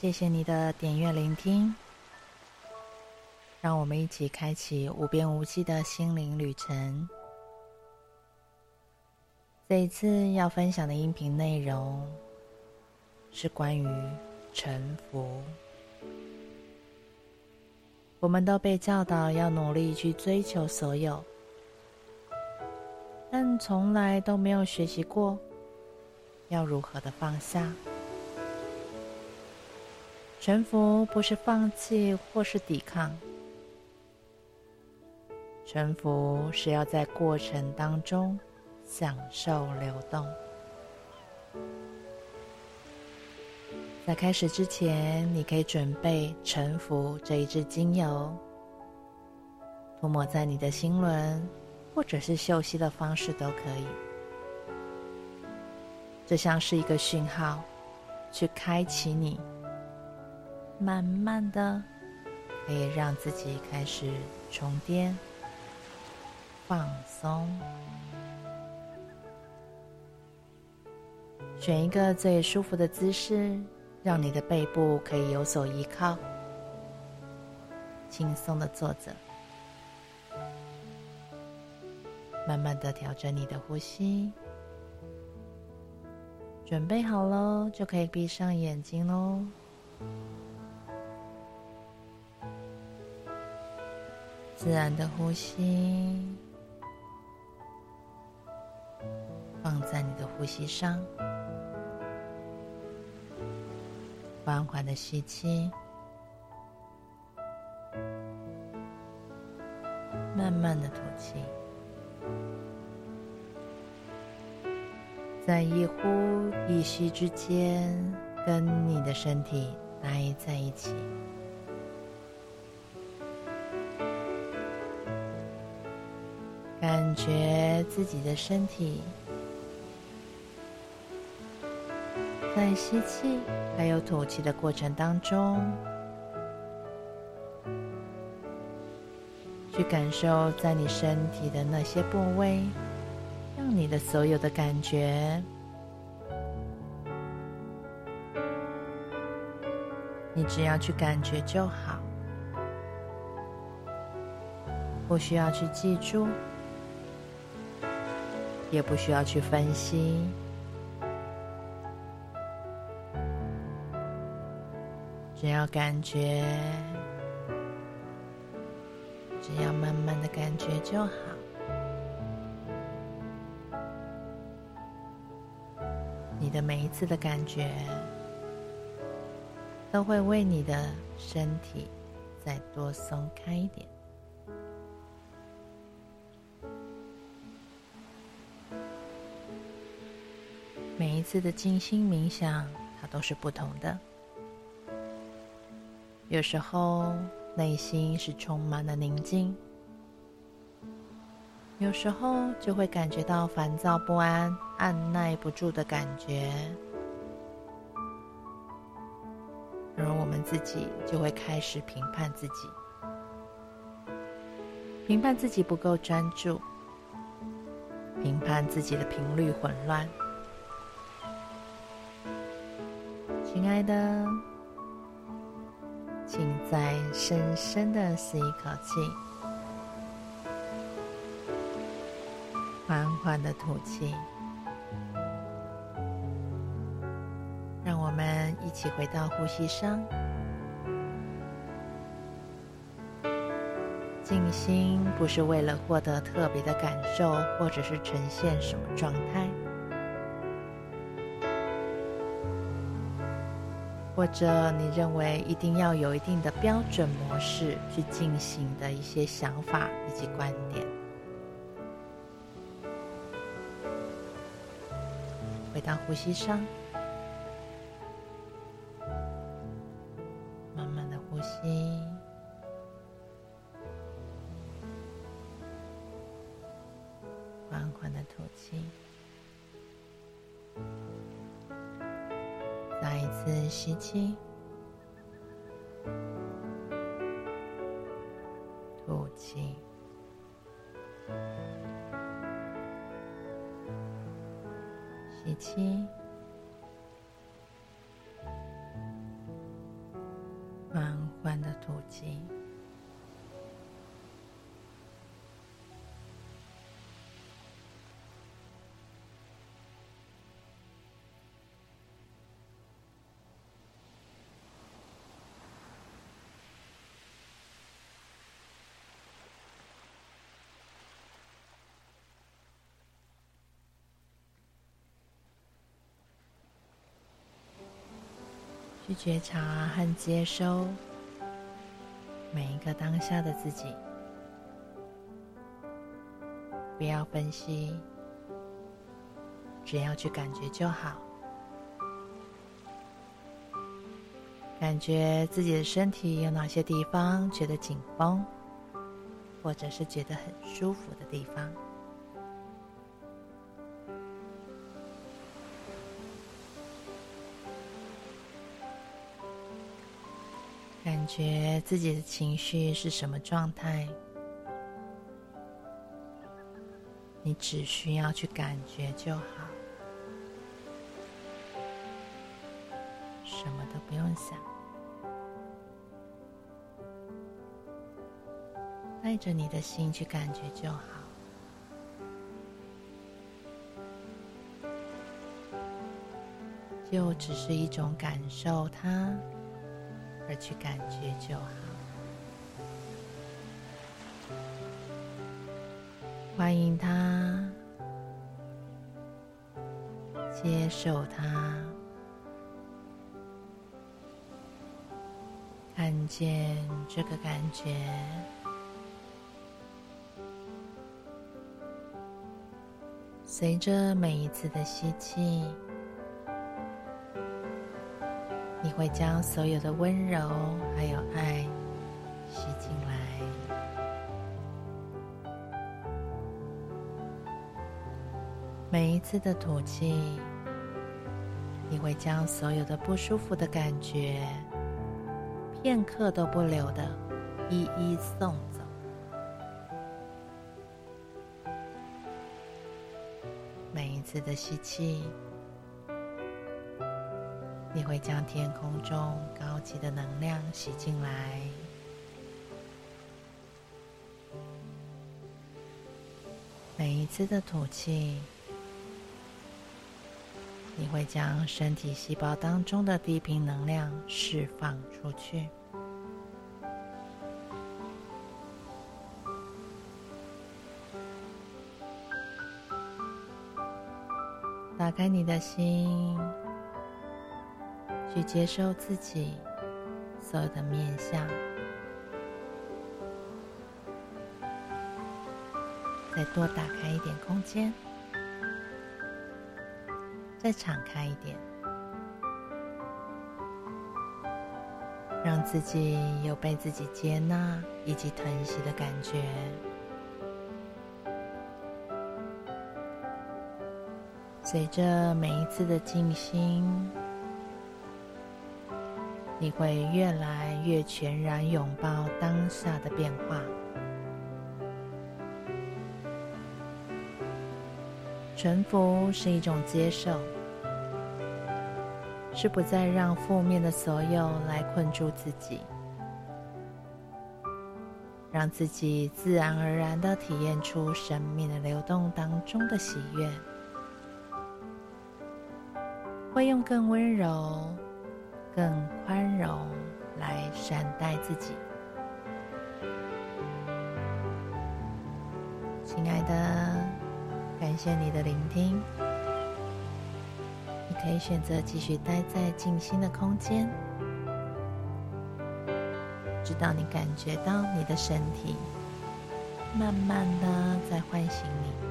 謝謝你的點閱聆聽，讓我們一起開啟無邊無際的心靈旅程。這一次要分享的音頻內容是關於臣服。我們都被教導要努力去追求所有，但從來都沒有學習過要如何的放下。臣服不是放棄或是抵抗，臣服是要在過程當中享受流動。在開始之前，你可以準備臣服這一支精油，塗抹在你的心輪，或者是嗅吸的方式都可以。這像是一個訊號，去開啟你。慢慢的，可以讓自己開始重疊放鬆。選一個最舒服的姿勢，讓你的背部可以有所依靠，輕鬆的坐着。慢慢的調整你的呼吸，準備好嘍，就可以閉上眼睛嘍。自然的呼吸，放在你的呼吸上，緩緩的吸氣，慢慢的吐氣，在一呼一吸之間，跟你的身體待在一起。感覺自己的身體在吸氣還有吐氣的過程當中，去感受在你身體的那些部位，讓你的所有的感覺，你只要去感覺就好，不需要去記住。也不需要去分析，只要感覺，只要慢慢的感覺就好。你的每一次的感覺，都會為你的身體再多鬆開一點。每次的靜心冥想，它都是不同的。有時候內心是充滿了寧靜，有時候就會感覺到煩躁不安、按捺不住的感覺，而我們自己就會開始評判自己，評判自己不夠專注，評判自己的頻率混亂。親愛的，請再深深的吸一口氣，緩緩的吐氣。讓我們一起回到呼吸上。靜心不是為了獲得特別的感受，或者是呈現什麼狀態。或者你認為一定要有一定的標準模式去進行的一些想法以及觀點，回到呼吸上，慢慢的呼吸，緩緩的吐氣。吸氣，吐氣，吸氣，緩緩的吐氣。去覺察和接收每一個當下的自己，不要分析，只要去感覺就好。感覺自己的身體有哪些地方覺得緊繃，或者是覺得很舒服的地方。感覺自己的情緒是什麼狀態，你只需要去感覺就好，什麼都不用想，帶着你的心去感覺就好，就只是一種感受它。而去感覺就好，歡迎他，接受他，看見這個感覺，隨着每一次的吸氣。會將所有的溫柔還有愛吸進來。每一次的吐氣，你會將所有的不舒服的感覺，片刻都不留地，一一送走。每一次的吸氣。你會將天空中高級的能量吸進來。每一次的吐氣，你會將身體細胞當中的低頻能量釋放出去。打開你的心。去接受自己所有的面向，再多打開一點空間，再敞開一點，讓自己有被自己接納以及疼惜的感覺。隨着每一次的靜心。你會越來越全然擁抱當下的變化。臣服是一種接受，是不再讓負面的所有來困住自己，讓自己自然而然地體驗出生命的流動當中的喜悅，會用更溫柔，更寬容來善待自己，親愛的，感謝你的聆聽。你可以選擇繼續待在靜心的空間，直到你感覺到你的身體慢慢的在喚醒你。